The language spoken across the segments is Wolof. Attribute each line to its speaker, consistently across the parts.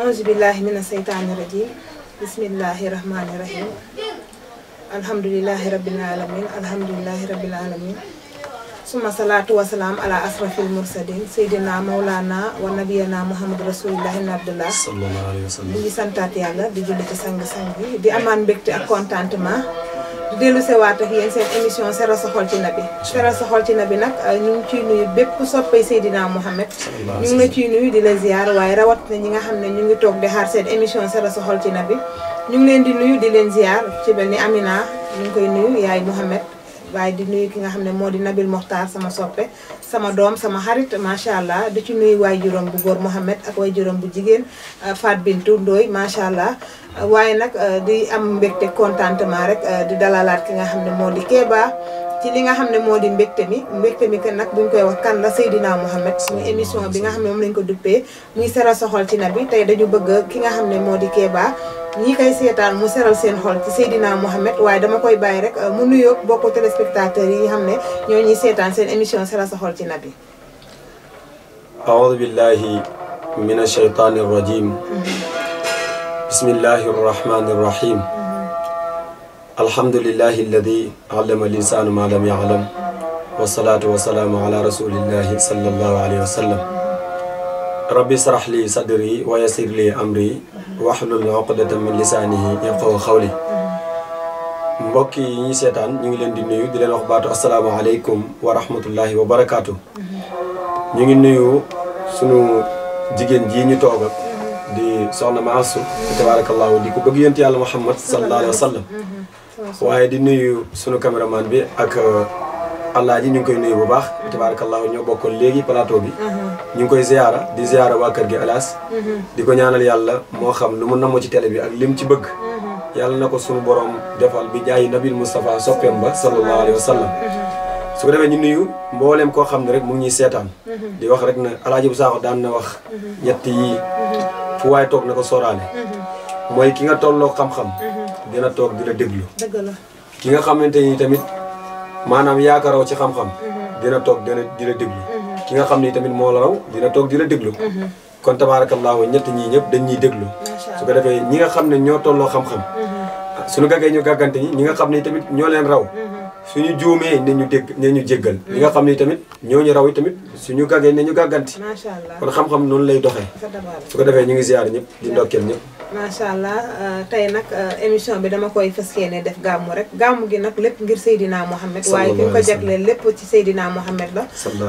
Speaker 1: auzu billahi mina seytaani rajim bismillahi rahmani rahim alhamdulilahi rabbil alamin alhamdulilahi rabbil alamin suma salaatu wasalaam ala asrafil mursalin seydina mawlana wa nabiyana muhammad rasulillah ibn abdullah sallallahu
Speaker 2: alayhi
Speaker 1: santaat yàlla di julli ci sang sang bi di amaan mbégte ak contentement dellu sewaat ak yéen seen émission seral sa xol ci nabi seral sa xol ci bi nag euh, ñu ngi ciy nuyu bépp soppay Seydina Mohamed ñu ngi la ciy nuyu di la ziar waaye rawat na ñi nga xam ne ñu ngi toog di xaar seen émission seral sa xol na bi ñu ngi leen di nuyu di leen ziar ci mel ni Amina ñu ngi koy nuyu yaay Mohamed waaye di nuyu ki nga xam ne moo di Nabil Mokhtar sama soppe sama doom sama xarit macha allah di ci nuyu waay juróom bu góor Mohamed ak waay juróom bu jigéen euh, Fat Bintou Ndoye macha allah. waaye nag euh, di am mbégte contentement rek euh, di dalalaat ki nga xam ne moo di Kéba ci li nga xam ne moo di mbégte mi mbégte mi nag buñ koy wax kan la Seydina Mohamed suñu émission bi nga xam ne moom lañ ko duppee muy sara soxol ci nabi tey dañu bëgg ki nga xam ne moo di Kéba. ñi kay sétane mu seral sen xol ci sayidina mohammed way dama koy bay rek mu nuyo bokku téléspectateurs yi xamné ñoo ñi sétane sen émission seral sa xol ci nabi
Speaker 3: أعوذ billahi minash الشيطان rajim bismillahir rahmanir rahim الرحيم الحمد لله الذي علم الإنسان ما لم يعلم والصلاة والسلام على رسول الله صلى الله عليه وسلم rabbi sarax li sadri wa yasir li amri waxlul uqdatan min lisaanihi yafqahu xawli mbokk yi ñuy seetaan ñu ngi leen di nuyu di leen wax baatu asalaamaaleykum wa rahmatullahi wa barakaatu. ñu ngi nuyu sunu jigéen jii ñu toog di soxna Maasu tabaarakallahu di ko bëgg yonent yàlla Muhammad sallallahu alayhi wa sallam waaye di nuyu sunu caméraman bi ak. allah ji ñu ngi koy nuyu bu baax tabaarakallaahu ñoo bokkoon léegi plateau bi uh-huh. ñu ngi koy ziyaara di ziyaara waa kër gi Alas uh-huh. di ko ñaanal yàlla moo xam lu mu namoo ci tele bi ak lim ci bëgg
Speaker 2: uh-huh.
Speaker 3: yàlla na ko suñu borom defal bi jaayi nabil Moustapha soppeem ba sallallahu alayhi wa sallam su ko defee ñu nuyu mbooleem koo xam ne rek mu ngi ñuy seetaan di wax rek na alaaji bu saaxo daan na wax ñett yii fu waay toog na ko sóoraale mooy ki nga tolloo xam-xam dina toog di la maanaam yaakaaroo ci xam-xam mhm. dina toog dina di la déglu mhm. ki nga xam ni tamit moo la raw dina toog di la déglu mhm. kon tabaarakallaahu ñett ñii ñëpp dañ ñuy déglu su defee ñi nga xam ne ñoo tolloo xam
Speaker 2: ah,
Speaker 3: suñu gaggee ñu gàggante ñi ñi nga xam ne tamit ñoo leen raw suñu juumee ne ñu dégg ne ñu jéggal ñi nga xam ne tamit ñoo ñu raw yi tamit su ñu gaggee ne ñu gàgganti kon xam-xam noonu lay doxee su ko defee ñu ngi ziyaar ñëpp di ndokkeel ñëpp
Speaker 1: macha allah euh, tey nag euh, émission bi dama koy fas yéene def gàmmu rek gàmmu gi nag lépp ngir Seydina Mohamed. waaye ki ko jagleel lépp ci Seydina Mohamed la.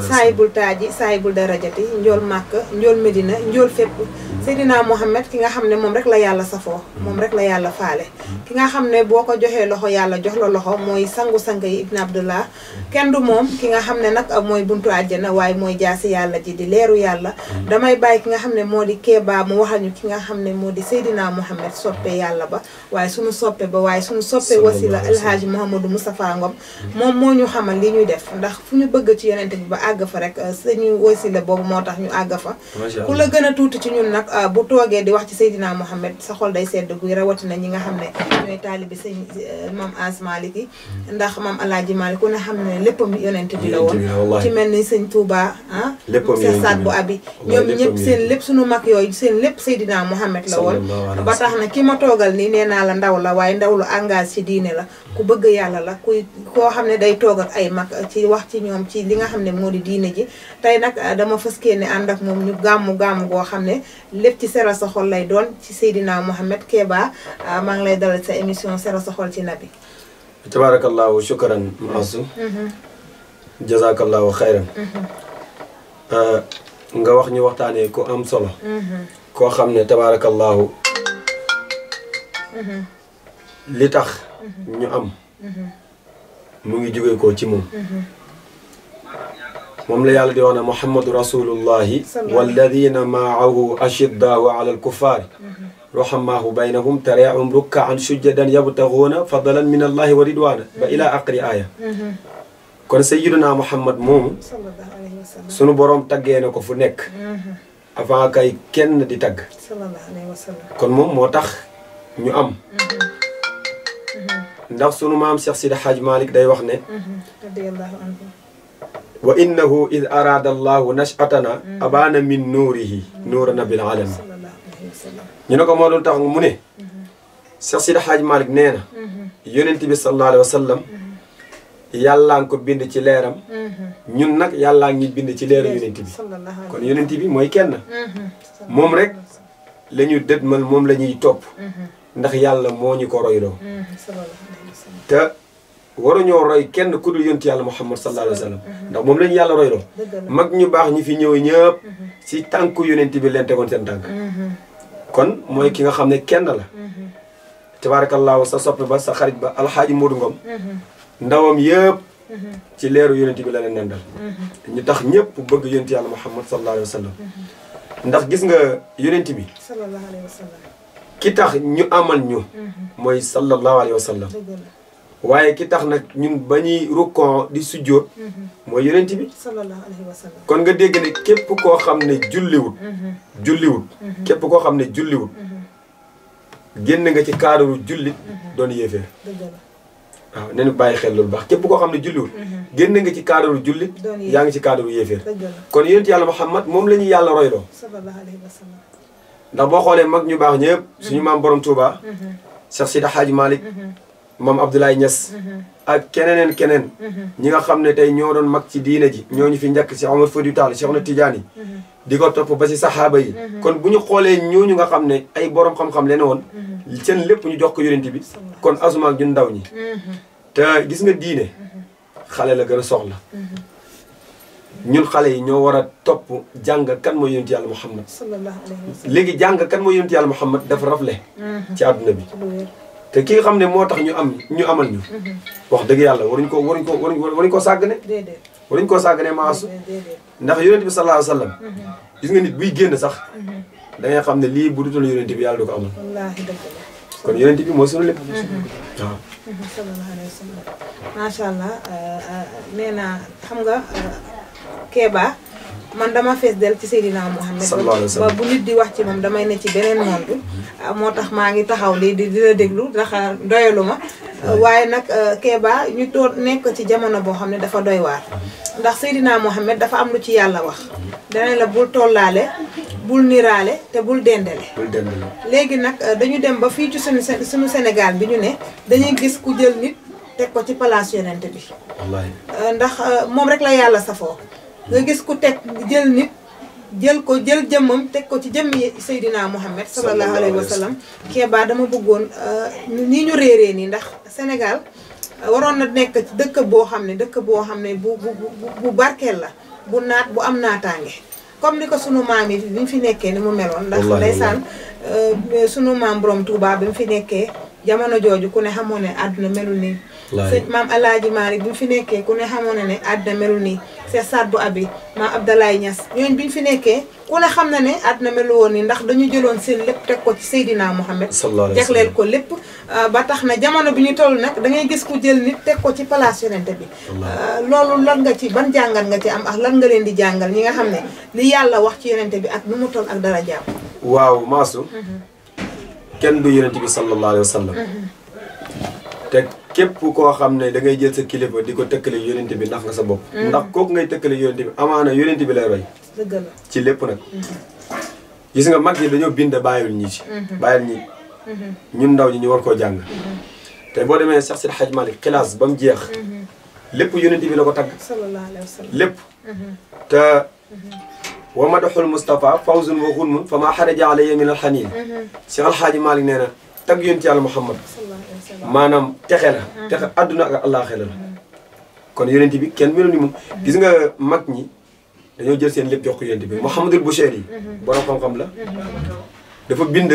Speaker 1: saayibul taaji saayibul darajati njool màkk njool Medina njool fépp. Seydina Mohamed ki nga xam ne moom rek la yàlla safoo moom rek la yàlla faale. ki nga xam ne boo ko joxee loxo yàlla jox la loxo mooy sangu-sang yi Ibn Abdullah kenn du moom ki nga xam ne nag mooy buntu na waaye mooy jaasi yàlla ji di leeru yàlla. Mm. Seydina Mouhamed soppe yàlla ba waaye suñu soppe ba waaye suñu soppe wasila alhaaji Mouhamadou Moustapha Ngom moom moo ñu xamal li ñuy def ndax fu ñu bëgg ci yonente bi ba àgg fa rek euh, suñu wasila boobu moo tax ñu àgg fa ku la gën a tuuti ci ñun nag euh, bu toogee di wax ci Seydina Mouhamed sa xol day sedd guy rawatina ñi nga xam ne ñooy taalibi sëñ euh, maam As Malick yi ndax maam alhaaji Malick ku ne xam ne léppam yonente bi la woon ci mel ni sëñ Touba ah sa saat bu abi ñoom ñëpp seen lépp suñu mag yooyu seen lépp Seydina Mouhamed la woon ba tax na ki ma toogal nii nee naa la ndaw la waaye ndaw lu engagé ci diine la ku bëgg yàlla la kuy koo xam ne day toog ay mag ci wax ci ñoom ci li nga xam ne moo di diine ji tey nag ah, dama fëskee ne ànd ak ñu gàmmu gàmmu goo xam ne lépp ci seral sa lay doon ci Seydina Mouhamed Keba ah, maa ngi lay dalal sa émission seral sa xol ci nabi
Speaker 3: tabarakallahu shukran masu mm-hmm. Mm-hmm. jazakallahu xayran mm-hmm. ah, nga wax ñu waxtaanee ku am solo koo xam ne tabarakallahu li tax ñu am mu ngi jóge ko ci moom moom la yàlla di wax ne muhammadu rasulullahi walladina maahu ashiddaau ala alkuffari ruhamaahu baynahum tareehum rukkaan sujjadan yabtaxuuna fadalan min allahi wa ridwana ba ila aqri aaya kon sayyiduna muhammad moomu sunu boroom taggee na ko fu nekk avant kay kenn di tagg kon moom moo tax ñu am ndax sunu maam Cheikh Sidi Hadj malik day wax ne wa innahu id arada allah nashatana abana min nurihi nuura nabil alam ñu ne ko moo tax mu ne Cheikh Sidi Hadj malik neena na yonent bi sallallahu alayhi wasallam yalla ngi ko bind ci leram ñun nak yalla ngi bind ci leram yonent bi kon yonent bi moy kenn mom rek lañu ñu mom lañuy top ndax yàlla moo ñu ko royloo mm, te waruñoo roy kenn ku dul yonti yàlla muhammad sallallahu alayhi wa sallam mm-hmm. ndax moom lañu yàlla royloo mag ñu baax ñi fi ñëw ñëpp si mm-hmm. tànku yonent bi leen tegoon seen tànk mm-hmm. kon mooy ki nga xam ne kenn la tabaarakallaahu sa soppe ba sa xarit ba alxaaji Modou Ngom ndawam yëpp ci leeru yonent bi la leen nandal ñu tax ñëpp bëgg yonti yàlla muhammad sallallahu alayhi wa sallam ndax gis nga yonent bi
Speaker 2: sallallahu alayhi wa sallam
Speaker 3: ki tax ñu amal ñu. Mm-hmm. mooy sallallahu alayhi wa waaye ki tax nag ñun ba ñuy rukkoo di sujjóot. Mm-hmm. mooy yonent bi.
Speaker 2: sallallahu alayhi kon
Speaker 3: nga dégg ne képp koo xam ne julliwut. Mm-hmm. julliwut. koo xam ne julliwut. génn nga ci kaadaru jullit doon yéefee waaw nañu bàyyi xel loolu baax képp koo xam ne julliwul génn nga ci kaadaru jullit yaa ngi ci kaadaru yéeféer kon yonent yàlla Muhammad moom la yàlla royloo ndax boo xoolee mag ñu baax ñëpp mhm. suñu maam tuuba sax mhm. Cheikh Sida Hadj Malick. Mhm. maam Abdoulaye Niass. ak keneen keneen. ñi nga xam ne tey ñoo doon mag ci diine ji. ñooñu fi njëkk si Omar Foutiyou Tall Cheikh na Tidiane. di ko topp ba si saxaaba yi. kon bu ñu xoolee ñooñu nga xam ne ay boroom xam-xam leen woon. seen lépp ñu jox ko yonent bi. kon asuma ak ndaw ñi. te gis nga diine. xale la gën a soxla. ñun xale yi ñoo war a topp jàng kan mooy yonent yàlla Muhammad léegi jàng kan mooy yonent yàlla Muhammad dafa rafle mm-hmm. ci àdduna bi te ki nga xam ne moo tax ñu am ñu amal ñu mm-hmm. wax dëgg yàlla waruñ ko waruñ ko waruñ ko sàggane waruñ koo sàggane maasu ndax yonent bi sallallahu alayhi wasallam mm-hmm. gis nga nit buy génn sax da xam ne lii bu dutal yonent bi yàlla du ko amal
Speaker 2: kon yonent bi moo sunu lépp waaw
Speaker 1: sallallahu alayhi wasallam macha allah euh, euh, na xam nga euh, Kéba man dama fees del ci Seydina Mouhamed ba bu nit di wax ci moom damay ne ci beneen monde ah, moo tax maa ngi taxaw lii di la déglu ndax ah, doyalu ma waaye nag ah, Kéba ñu toog nekk ci jamono boo xam ne dafa doy waar ndax Seydina Mouhamed dafa am lu ci yàlla wax dana la bul tollaale bul niraale te bul dendale léegi nag dañu dem ba fii ci suñu suñu Sénégal bi ñu ne dañuy gis ku jël nit teg ko ci palaas yonent bi ndax moom rek la yàlla safoo nga gis ku teg jël nit jël ko jël jëmmam teg ko ci jëmmi Seydina Mouhamed sallallahu alayhi wa sallam Keba dama bëggoon euh, nii ñu réeree nii ndax Sénégal euh, waroon na nekk ci dëkk boo xam ne dëkk boo xam ne bu bu bu barkeel la bu naat bu am naataange comme ni ko sunu maam yi bi mu fi nekkee ni mu meloon ndax ndeysaan euh, sunu maam borom Touba bi mu fi nekkee jamono jooju ku ne xamoo ne àdduna melul nii sëñ maam alaaji Maalik bu ñu fi nekkee ku ne xamoon na ne àddina melu nii Seex Saddu Abi maam Abdalaay Ñas ñooñu bi ñu fi nekkee ku ne xam na ne àddina melu woon nii ndax dañu jëloon seen lépp teg ko ci Seydina Muhammad jagleel ko lépp ah, ba tax na jamono bi ñu toll nag da ngay gis ku jël nit teg ko ci palaas yonente bi ah, loolu lan nga ci ban jàngal nga ci am ak lan nga leen di jàngal ñi nga xam ne li yàlla wax ci yonente bi ak nu mu toll ak dara jàpp
Speaker 3: waaw maasu mhm. kenn du yonente bi képp ko xam ne dangay jël sa kilifa di ko tëkkale yonent bi ndax nga sa bopp. Mm. ndax kooku ngay tëkkale yonent bi amaana yonent bi lay ci lépp nag.
Speaker 2: Mm-hmm.
Speaker 3: gis nga mag yi dañoo bind bàyyil ñi ci. Mm-hmm. bàyyil ñi mm-hmm. ñun ndaw ñi ñu war koo jàng. te boo demee sax si Xaj Malik xilaas ba mu jeex. lépp yonent bi la ko tagg.
Speaker 2: sallallahu alayhi wa sallam lépp.
Speaker 3: te wa madaxul Moustapha fawzun wa xunmun fa maa xaraja alayhi min alxaniin. si alxaaji Malik nee na. tag yonent yàlla Muhammad maanaam texe la texe àdduna ak àllaaxira la kon yonent bi kenn melu ni moom gis nga mag ñi dañoo jël seen lépp jox ko yonent bi Mouhamadul Bouchayri yi borom xam-xam la dafa bind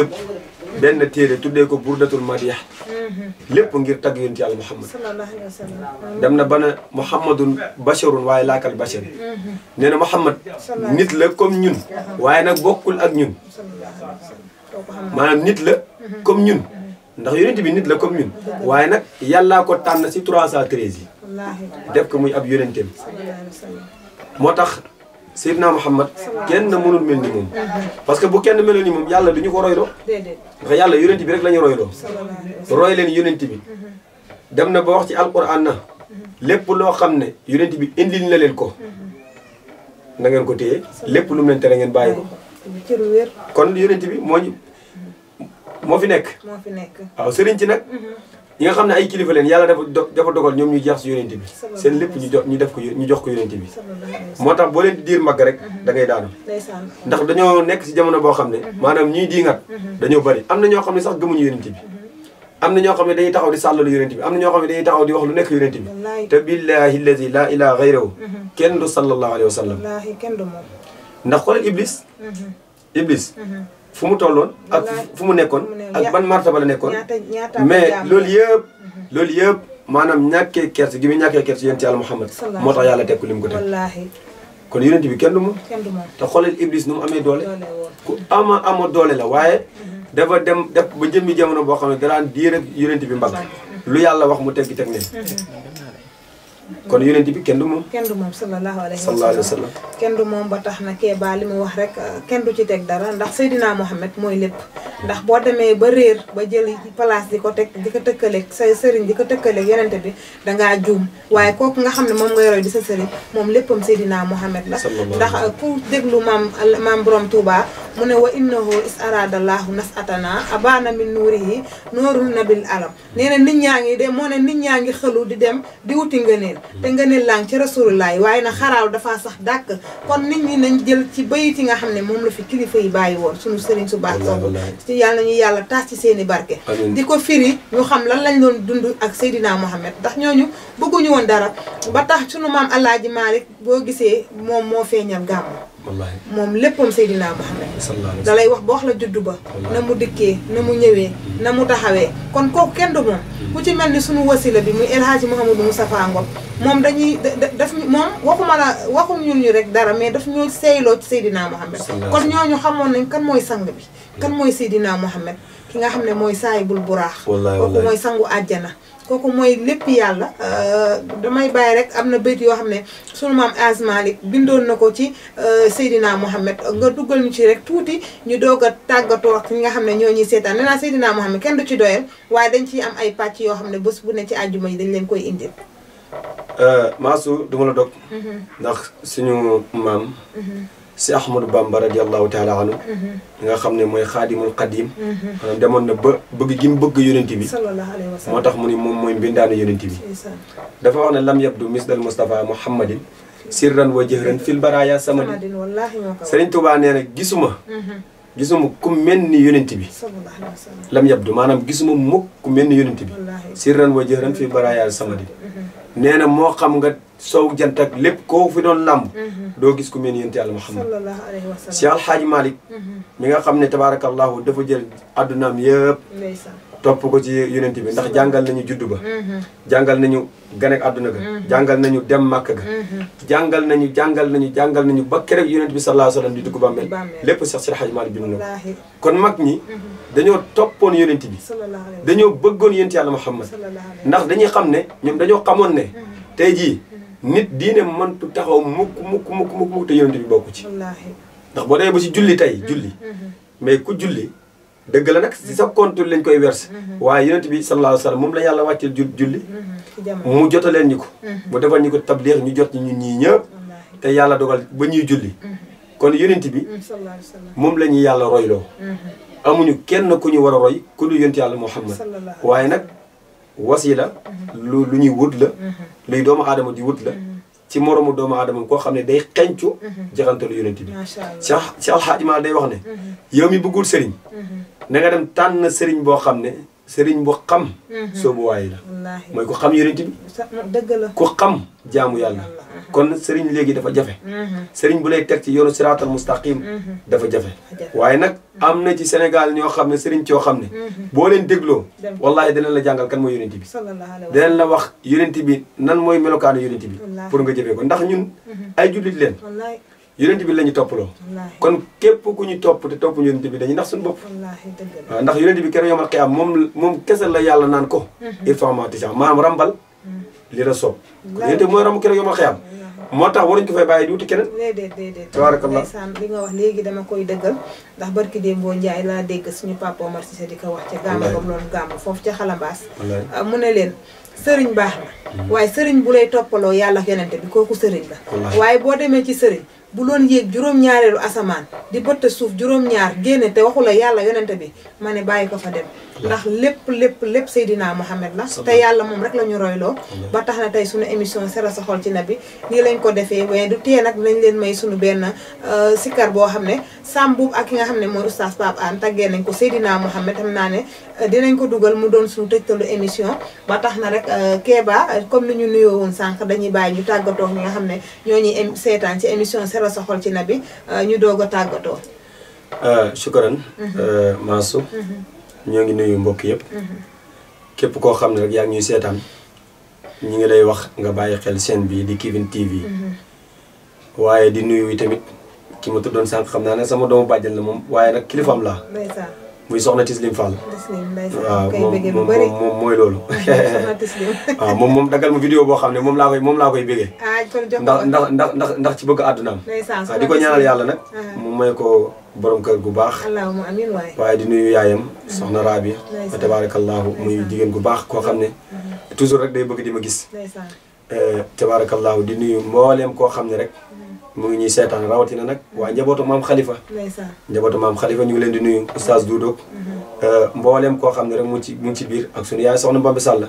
Speaker 3: benn téere tuddee ko burdatul madiyah lépp ngir tagg yonent yàlla Muhammad dem na bana Muhammadun basharun waaye laakal bashar
Speaker 2: nee na Muhammad nit la
Speaker 3: comme ñun waaye nag bokkul ak ñun maanaam nit la comme ñun ndax yonent bi nit la comme ñun waaye nag yàllaa ko tànn si 313 yi def ko muy ab yonenteem moo tax Seydina Muhammad kenn mënul mel ni moom parce que bu kenn meloon ni moom yàlla du ñu ko royloo ndax yàlla yonent bi rek la ñu royloo roy leen yonent bi dem na ba wax ci alquran na lépp loo xam ne yonent bi indil na leen ko na ngeen ko téye lépp lu mu leen tere ngeen bàyyi ko cër wér. kon yonent bi moo ñu moo fi nekk. moo fi nekk waaw sëriñ ci nag. ñi nga xam ne ay kilifa leen yàlla dafa dafa dogal ñoom ñu jeex si yonent bi seen lépp ñu jox ñu def ko ñu jox ko yonent bi moo tax boo leen di diir mag rek da ngay daanu ndax dañoo nekk si jamono boo xam ne maanaam ñuy diingat dañoo bari am na ñoo xam ne sax gëmuñu yonent bi am na ñoo xam ne dañuy taxaw di sàllalu yonent bi am na ñoo xam ne dañuy taxaw di wax lu nekk yonent bi te billahi allazi la ilaha ghayruhu kenn du sallallahu alayhi wa sallam ndax xoolal Iblis.
Speaker 1: Mm-hmm. Iblis. Mm-hmm.
Speaker 3: fu mu tolloon ak fu mu nekkoon ak ban martaba la nekkoon mais loolu yëpp mm-hmm. loolu yëpp maanaam ñàkkee kerse gi muy ñàkkee kerse yéen ci yàlla Muhammad moo tax yàlla teg ko lim ko teg kon yonent bi kenn du te xoolal Iblis nu mu amee doole ku ama ama doole la waaye dafa dem def ba jëmmi jamono boo xam ne daraan diir yonent bi mbagg lu yàlla wax mu teg gi teg ne kon yonent bi kenn du moom.
Speaker 1: kenn du moom sallallahu alayhi wa sallam kenn du moom ba tax na Kéba li mu wax rek kenn du ci teg dara ndax Seydina Mohamed mooy lépp. ndax boo demee ba ba jël place di ko teg di ko tëkkaleeg say sëriñ di ko tëkkaleeg yonent bi dangaa juum waaye kooku nga xam ne moom ngay roy di sa sëriñ moom léppam Seydina Mohamed la. ndax ku déglu maam maam borom Touba mu ne wa innahu is aradallahu nas atana abana min nuurihi nuurun nabil alam nee na nit ñaa ngi de moo ne nit ñaa ngi xëlu di dem di wuti ngëneel te nga ne lang ci rasulullah waaye na xaraaw dafaa sax dàkk kon nit ñi nañ jël ci bayit yi nga xam ne moom la fi kilifa yi bàyyi woon suñu sëriñ su baax soobu ci yàlla nañu yàlla taas ci seeni barke di ko firi ñu xam lan lañ doon dund ak Seydina Mohamed ndax ñooñu bëgguñu woon dara ba tax suñu maam Alaaji Maalik boo gisee moom moo feeñal gàmm moom léppam Seydina Muhammad da lay wax ba wax la juddu ba na mu dikkee na mu ñëwee na mu taxawee kon kooku kenn du moom hmm. ku ci mel ni sunu wasila bi muy El Hadji mu Moustapha Ngom moom dañuy daf moom waxuma la waxum ñun ñu rek dara mais daf ñoo seyloo ci Seydina Muhammad kon ñooñu xamoon nañ kan mooy sang bi kan hmm. mooy Seydina Muhammad ki nga xam ne mooy saayibul buraax kooku mooy sangu àjjana kooku mooy lépp yàlla euh, damay bàyyi rek am na béyt yoo xam ne sunu maam Az Malik bindoon na ko ci euh, Seydina Mohamed nga duggal ñu ci rek tuuti ñu doog a tàggatoo ak ñi nga xam ne ñoo ñuy seetaan nee naa Seydina Mohamed kenn du ci doyal waaye dañ ciy am ay pàcc yoo xam ne bés bu ne ci àjjuma yi dañ leen koy indil.
Speaker 3: Euh, Maasu du ma la dog. Mm-hmm. ndax suñu maam. Mm-hmm. سي احمد بامبا رضي الله تعالى عنه ليغا خامني موي خادم القديم مانام ديمون نا بوغ جيم بوغ يونتي بي
Speaker 2: صلى الله عليه وسلم موتاخ موني موم موي
Speaker 3: مبيندان يونتي بي دا فا واخنا لم يبدو مثل المصطفى محمد سرا وجهرا في البرايا سمد
Speaker 2: والله سيرن
Speaker 3: توبا نينا غيسوما غيسوما كوم ملني يونتي بي
Speaker 2: صلى الله عليه وسلم
Speaker 3: لم يبدو مانام غيسوما موك كوم ملني يونتي بي سرا وجهرا في البرايا سمد نينا مو خامغا sow jant ak lépp koo fi doon làmb mhm. doo gis ku mel ni yonent yàlla
Speaker 2: Muhammad si alxaaji Malick mhm.
Speaker 3: mi nga xam ne tabaarakallahu dafa jël addunaam yëpp topp ko ci yonent bi ndax jàngal nañu juddu ba mhm. jàngal nañu gane àdduna ga jàngal nañu dem màkk ga jàngal nañu jàngal nañu jàngal nañu ba keroog yonent bi sallallahu alayhi wa sallam di dugg bàmmeel lépp sax si alxaaji Malick bind na ko kon mag ñi dañoo toppoon yonent bi dañoo bëggoon yonent yàlla Muhammad ndax dañuy xam ne ñoom dañoo xamoon ne tey jii nit diine mëntu taxaw mukk mukk mukk mukk mukk te yonent bi bokku ci. ndax boo demee ba ci julli tey julli. Mm-hmm, mm-hmm. mais ku julli dëgg la nag si sa compte lañ koy verse mm-hmm. waaye yonent bi sallallahu alayhi wa moom la yàlla wàccee julli. mu jotaleen ñu ko. mu defal ñu ko tabliix ñu jot ñun ñi ñëpp. te yàlla dogal ba ñuy julli. kon yonent bi moom la ñuy yàlla royloo. amuñu kenn ku ñu war a roy ku dul yonent yàlla Muhammad waaye nag. wasila lu lu ñuy wut la mhm. luy doomu aadama di wut la mhm. ci moroomu doomu aadama koo xam ne day xencu mhm. jaxantalu yonent bi Cheikh Alxaaji Maalik day wax ne yow mi bëggul sëriñ na nga dem tànn sëriñ boo xam ne sëriñ bu xam. Mhm. soobuwaay la. mooy ku xam yonent bi. dëgg la ku xam jaamu yàlla. Mhm. kon sëriñ léegi dafa jafe. Mhm. sëriñ bu lay teg ci yoonu siraatal mustaqim dafa jafe waaye nag am na ci Sénégal ñoo xam ne sëriñ coo xam ne. boo leen dégloo. wallahi danañ la jàngal kan mooy yonent bi. danañ la wax yonent bi nan mooy melokaanu yonent bi. pour nga jëfee ko ndax ñun ay jullit leen. yonent bi la ñu toppaloo kon képp ku ñu topp te topp yonent bi dañuy nax suñu bopp waaw ndax yonent bi keroog yomal xiyaam moom moom kese la yàlla naan ko mhm. irfa maa tishaa maanaam rambal mhm. li la soob yonent bi mooy ramb keroog moo tax waruñu ko fay bàyyi di wuti keneen déedéet déedéet tabaarakallah
Speaker 1: ndeysaan li nga wax léegi dama koy dëggal ndax barki Dembo Ndiaye laa dégg suñu papa Omar Cissé di ko wax ca gàmmu bam loolu gàmmu foofu ca xalambaas ah, mu ne leen sëriñ baax mhm. waaye sëriñ bu lay toppaloo yàlla ak yonent bi kooku sëriñ la waaye boo demee ci sëriñ bu doon yéeg juróom-ñaareelu asamaan di bëtt suuf juróom-ñaar génne te waxula yàlla yonante bi ma ne bàyyi ko fa dem ndax lépp lépp lépp Seydina Mohamed la te yàlla moom rek la ñu royloo ba tax na tey suñu émission sera sa xol ci nabi nii lañ ko defee waaye du tee nag nañ leen may suñu benn euh, sikkar boo xam ne Sam Mboup ak ki nga xam ne mooy oustaz Pape Hann taggee nañ ko Seydina Mohamed xam naa ne euh, dinañ ko dugal mu doon suñu tëjtalu émission ba tax na rek euh, Kéba comme ni ñu nuyoo woon sànq dañuy bàyyi ñu tàggatoo ñi nga xam ne ñoo ñuy émission seral sa xol ci nabi euh, ñu doog a tàggatoo.
Speaker 3: Euh, shukran. Mhm. Euh, Maasu. Mhm. ñoo ngi nuyu mbokk yëpp. Mhm. képp koo xam ne rek yaa ngi ñuy seetaan ñu ngi lay wax nga bàyyi xel chaîne bi di Kifne TV. waaye di nuyu tamit ki ma tuddoon sànq xam naa ne sama doomu bàjjen la moom waaye nag kilifaam laa. muy soxna Tislim Fall.
Speaker 2: waaw moom moom mooy loolu. waaw moom
Speaker 3: moom dagal ma vidéo boo xam ne moom laa koy moom laa koy bégee.
Speaker 1: Ah, ndax ndax
Speaker 3: ndax ndax ndax ci bëgg àddunaam.
Speaker 1: waaw di ko ñaanal yàlla nag. Ah.
Speaker 3: mu may ko borom kër gu baax. waaye di nuyu yaayam. Mm-hmm. soxna Rabi. fa tabaarakallaahu muy gu baax koo xam ne.
Speaker 1: Mm-hmm.
Speaker 3: toujours rek day bëgg di ma gis. Eh, tabaarakallaahu di nuyu mbooleem koo xam ne rek. mu ngi ñuy seetaan rawatina nag waa njabootu maam Khalifa. njabootu maam Khalifa ñu ngi leen di nuyu oustaz Doudou. Mm-hmm. Euh, mboolem koo xam ne rek mu ci mu ci ak sunu yaay soxna Mbambi Sall.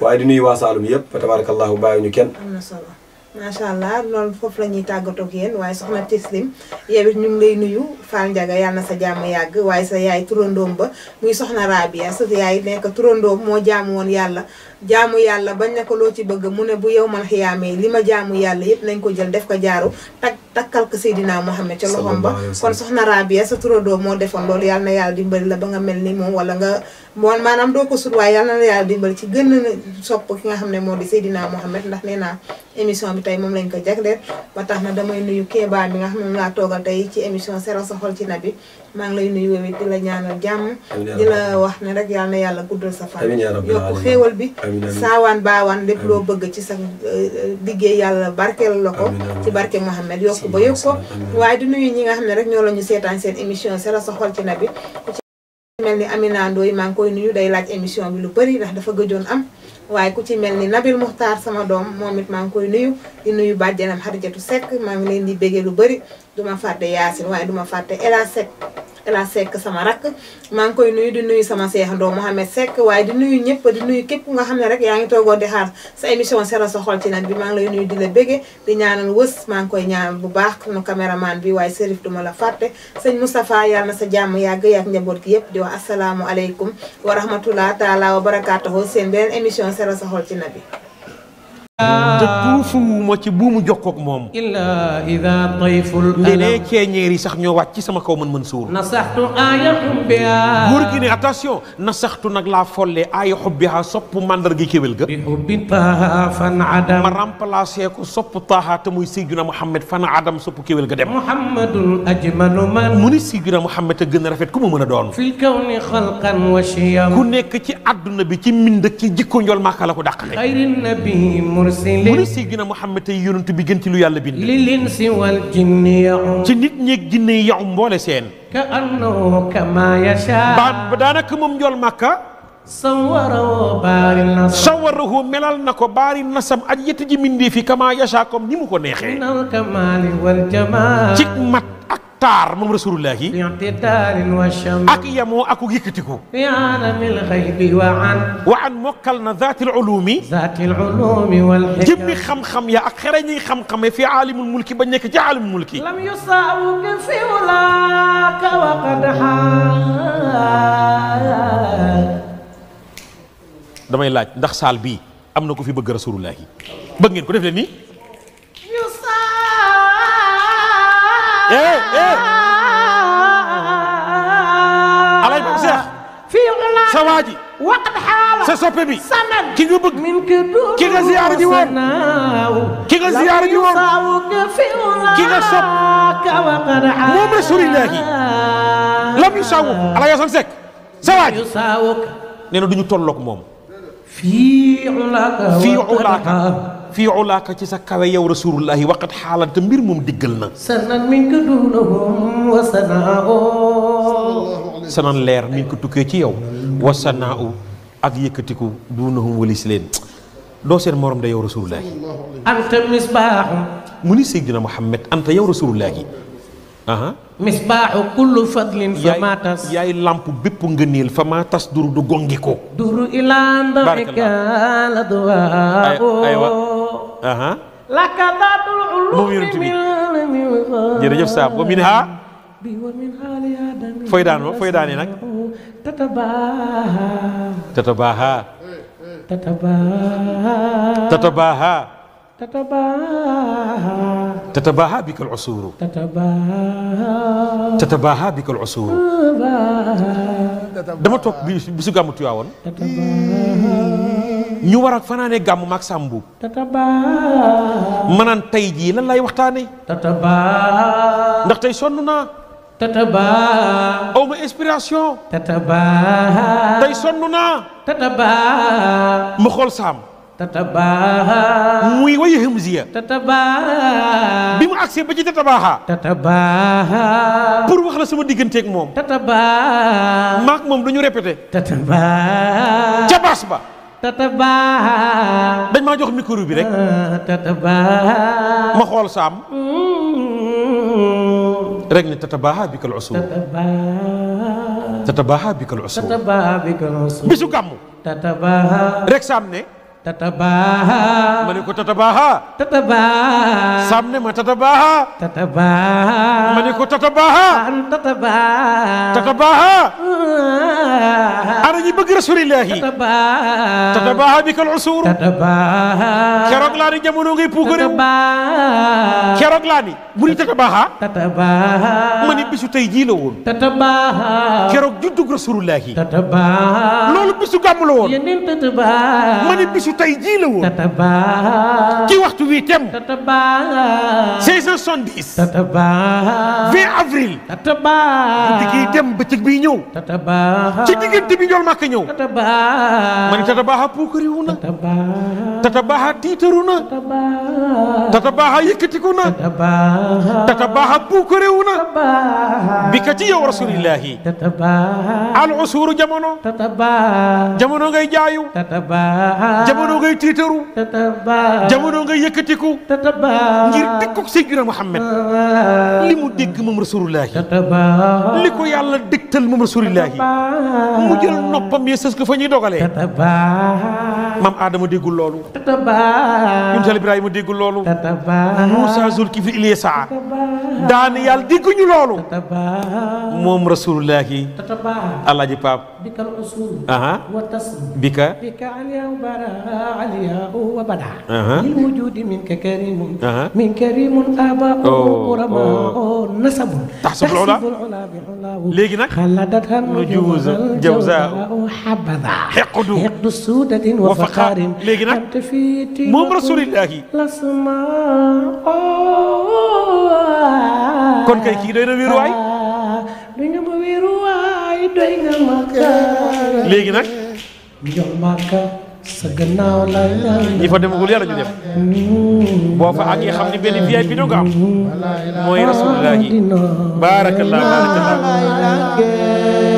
Speaker 3: waaye di
Speaker 1: macha allah loolu foofu la ñuy tàggatoo ak yéen waaye soxna Tislim yow it ñu ngi lay nuyu Fall Ndiaga sa jàmm yàgg waaye sa yaay turandoom ba muy soxna Rabia sa yaay nekk turandoom moo jaamu woon yàlla. jaamu yàlla bañ ne ko loo ci bëgg mu ne bu yow mal xiyaamee li ma jaamu yàlla yëpp nañ ko jël def ko jaaru tak takkal ko Seydina Mohamed ca loxoom ba kon soxna Rabia sa turadoo moo defoon loolu yàlla na yàlla dimbali la ba nga mel ni moom wala nga moon maanaam doo ko sut waaye yàlla na yàlla dimbali ci gën a sopp ki nga xam ne moo di Seydina Mohamed ndax nee naa émission bi tey moom lañ ko jagleel ba tax na damay nuyu Kéba bi nga xam ne moom laa toogal tey ci émission Seral sa xol ci maa ngi lay nuyu di la ñaanal jàmm di la wax ne rek yàlla yàlla guddal sa fan yokk saawaan baawaan lépp loo bëgg ci sa euh, liggéey yàlla barkeel la ko ci barke Mouhamed yokk ba yokk ko waaye di nuyu ñi nga xam ne rek ñoo la ñu seetaan seen émission Séral sa xol ci nabi mel ni Amina Ndoye maa ngi koy nuyu day laaj émission bi lu bëri ndax dafa gëjoon am waaye ku ci mel ni Nabil Muxtaar sama doom moom it maa ngi koy nuyu di nuyu bàjjenam Xarijatu Sekk maa ngi leen di béggee lu bëri duma fàtte Yacine waaye duma fàtte El Hadj Seck El Hadj Seck sama rakk maa ngi koy nuyu di nuyu sama seexandoo Mouhamed Seck waaye di nuyu ñëpp di nuyu képp nga xam ne rek yaa ngi toogoo di xaar sa émission sera sa xol ci nag bi maa ngi lay nuyu dina la di ñaanal wës maa ngi koy ñaanal bu baax sunu caméraman bi waaye Serif duma la fàtte sëñ Moustapha yàlla na sa jàmm yàgg yàgg njaboot gi yëpp di wax asalaamu aleykum wa rahmatullah taala wa barakaatuhu seen beneen émission seral sa ci nag bi
Speaker 4: te tuusuwuma ci buumu jokkoog moom. illa ida tayful alam sax ñoo wàcc ci sama kaw man Mansour. nasaxtu aaya xubbiha. góor gi ne nasaxtu nag laa folle aaya xubbiha soppu mandarga kéwél ga. bi xubbi taaha fan adam. ma remplacé ko soppu taaha te muy Seydina Mohamed fan adam soppu kéwél ga dem. Muhammadul ajmalu man. mu ni Seydina a gën a rafet ku mu mën a doon. fil kawni xalqan wa shiyam. ku nekk ci àdduna bi ci mbind ci jikko njool maaka ko dàqale. mursilin mu ne Seydina Muhammad tey yonent bi gën ci lu yàlla bind. li lin si wal jinni yaw ci nit ñeeg jinne yaw mboole seen. ka annahu kama yasha. ba daanaka moom njool màkka. sawarahu baari nasab. sawarahu melal na ko baari nasab ak yett ji mindee fi kama yasha comme ni mu ko neexee. minal kamali wal jamaal. cig mat ak. تار ممر رسول الله يعطي تار وشم أكي أكو يكتكو في عالم الغيب وعن وعن موكلنا ذات العلوم ذات العلوم والحكم جبني خم خم يا أخرين خم خم في عالم الملك بنيك جعل عالم الملك لم يصابك في ولاك وقد حال دمي لاج دخ سال بي أمنكو في بقر رسول الله بقر كنف لني Eh, eh. alay bam seex sa waa ji sa soppe bi ki nga bëgg ki nga ziyaara ji woon ki nga ziyaara ji woon ki nga sopp moom rasulillahi lam yu saawu ala yasan sekk sa waa ji nee na du ñu tolloog moom fii ulaaka في علاقة سكاوى يا رسول الله وقد حالا تمير مم دقلنا سنن من كدونهم وسناؤ سنن لير من كتوكيتي يو وسناؤ أدي كتكو دونهم وليسلين دو سير مورم دا يا رسول الله أنت مصباح مني سيدنا محمد أنت يا رسول الله misbahu kullu fadlin fa ma tas yaay lamp bépp ngëneel tas duru du gongi ko duru ila dafika la duwaabo laka daatul ulumi min jërëjëf saab ko min haa fooy daan fooy nak tatabaha tatabaha tatabaha tatabaha تتباهى تتباهى بك العصور تتباهى تتباهى بك العصور dama toog bi bisu gàmmu Tiwaawoon ñu war ak fanaane gàmmu maag sàmbu manaan tey jii lan lay waxtaane ndax tey sonn naa tatabaa aw ma inspiration tatabaa tey sonn naa tatabaa ma xool sam tatabaaha muy wayu hamziya tatabaaha bi mu agsee ba ci tatabaaha tatabaaha pour wax la sama digganteeg moom tatabaaha maak moom duñu répété tatabaaha ca bas ba tatabaaha dañ maa jox micro bi rek eh, tatabaaha ma xool saam mm. rek ne tatabaaha bi kal usul tatabaaha bi kal usul bisu gàmmu tatabaaha rek saam ne tatabaha mani ko tatabaha tatabaha samne ma tatabaha tatabaha mani ko tatabaha tatabaha tatabaha ara anu ñi bëgg rasulillahi tatabaha tatabaha bika al usur tatabaha kërok la ni jëmono ngay pukure tatabaha kërok la ni mu mani bisu tay ji la woon tatabaha kërok juddu rasulillahi tatabaha lolu bisu gam la iya mani bisu tey jii la woon. ci waxtu wi tem. 1670. 20 avril. guddi gi dem bëccëg bi ñëw. bi njool màkk ñëw. ma ne tatabaaxa puukariwu na. tiitaru na. tatabaaxa yëkkatiku na. tatabaaxa puukariwu na. bi ka ci yow rasulillahi. al usuuru jamono. jamono ngay jaayu. jamono ngay tiitaru jamono ngay yëkkatiku ngir dëkkug Seydina Muhammad li mu dégg moom rasulullahi li ko yàlla dégtal moom rasulullahi mu jël noppam yi sës ko fa ñuy dogalee maam Adama déggul loolu ñun tal Ibrahima déggul loolu Moussa Zulkifli Ilyasa daan yàlla dégguñu loolu moom rasulullahi alaaji Paap بك الاصول أه. والتصميم بك بك عليا وبرا عليا هو بلا أه. للوجود منك كريم أه. من كريم اباء ورباء نسب تحسب العلا العلا بعلاه ليجي نك خلدتها النجوز جوزاء حبذا حقد حقد سودة وفخار ليجي نك رسول الله الاسماء كون كي كي دوينا ويرواي دوينا آه، ويرواي yaay doy ma kaara léegi nag njol màkka sa gannaaw la ñi fa boo fa ak xam ne benn VIP bi do nga baarakallah
Speaker 2: baarakallah